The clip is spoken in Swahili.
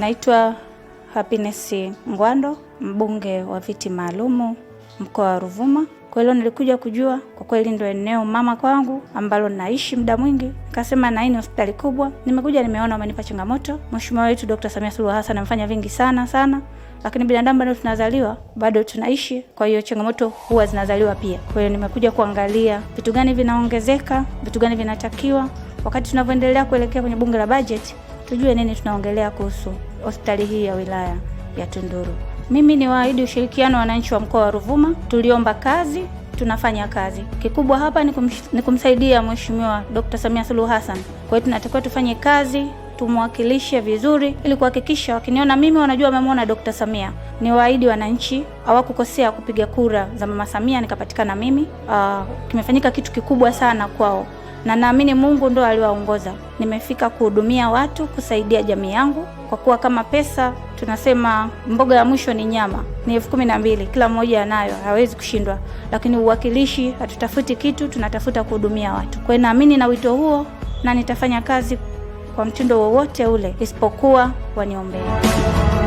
Naitwa Happiness Ngwando, mbunge wa viti maalumu mkoa wa Ruvuma. Kwa hilo nilikuja kujua, kwa kweli ndio eneo mama kwangu ambalo naishi muda mwingi. Nikasema na ni hospitali kubwa, nimekuja nimeona, wamenipa changamoto. Mheshimiwa wetu Dr. Samia Suluhu Hassan amefanya vingi sana sana, lakini binadamu bado tunazaliwa, bado tunaishi, kwa hiyo changamoto huwa zinazaliwa pia. Kwa hiyo nimekuja kuangalia vitu gani vinaongezeka, vitu gani vinatakiwa, wakati tunavyoendelea kuelekea kwenye bunge la bajeti, tujue nini tunaongelea kuhusu hospitali hii ya wilaya ya Tunduru. Mimi ni waahidi ushirikiano wa wananchi wa mkoa wa Ruvuma, tuliomba kazi tunafanya kazi. Kikubwa hapa ni, kum, ni kumsaidia Mheshimiwa Dr. Samia Suluhu Hassan. Kwa hiyo tunatakiwa tufanye kazi tumwakilishe vizuri, ili kuhakikisha wakiniona mimi wanajua wamemwona Dr. Samia. Ni waahidi wananchi hawakukosea kupiga kura za Mama Samia, nikapatikana mimi. Uh, kimefanyika kitu kikubwa sana kwao na naamini Mungu ndo aliwaongoza. Nimefika kuhudumia watu, kusaidia jamii yangu, kwa kuwa kama pesa tunasema mboga ya mwisho ni nyama, ni elfu kumi na mbili kila mmoja anayo, hawezi kushindwa. Lakini uwakilishi, hatutafuti kitu, tunatafuta kuhudumia watu. Kwa hiyo naamini na wito huo, na nitafanya kazi kwa mtindo wowote ule, isipokuwa waniombee.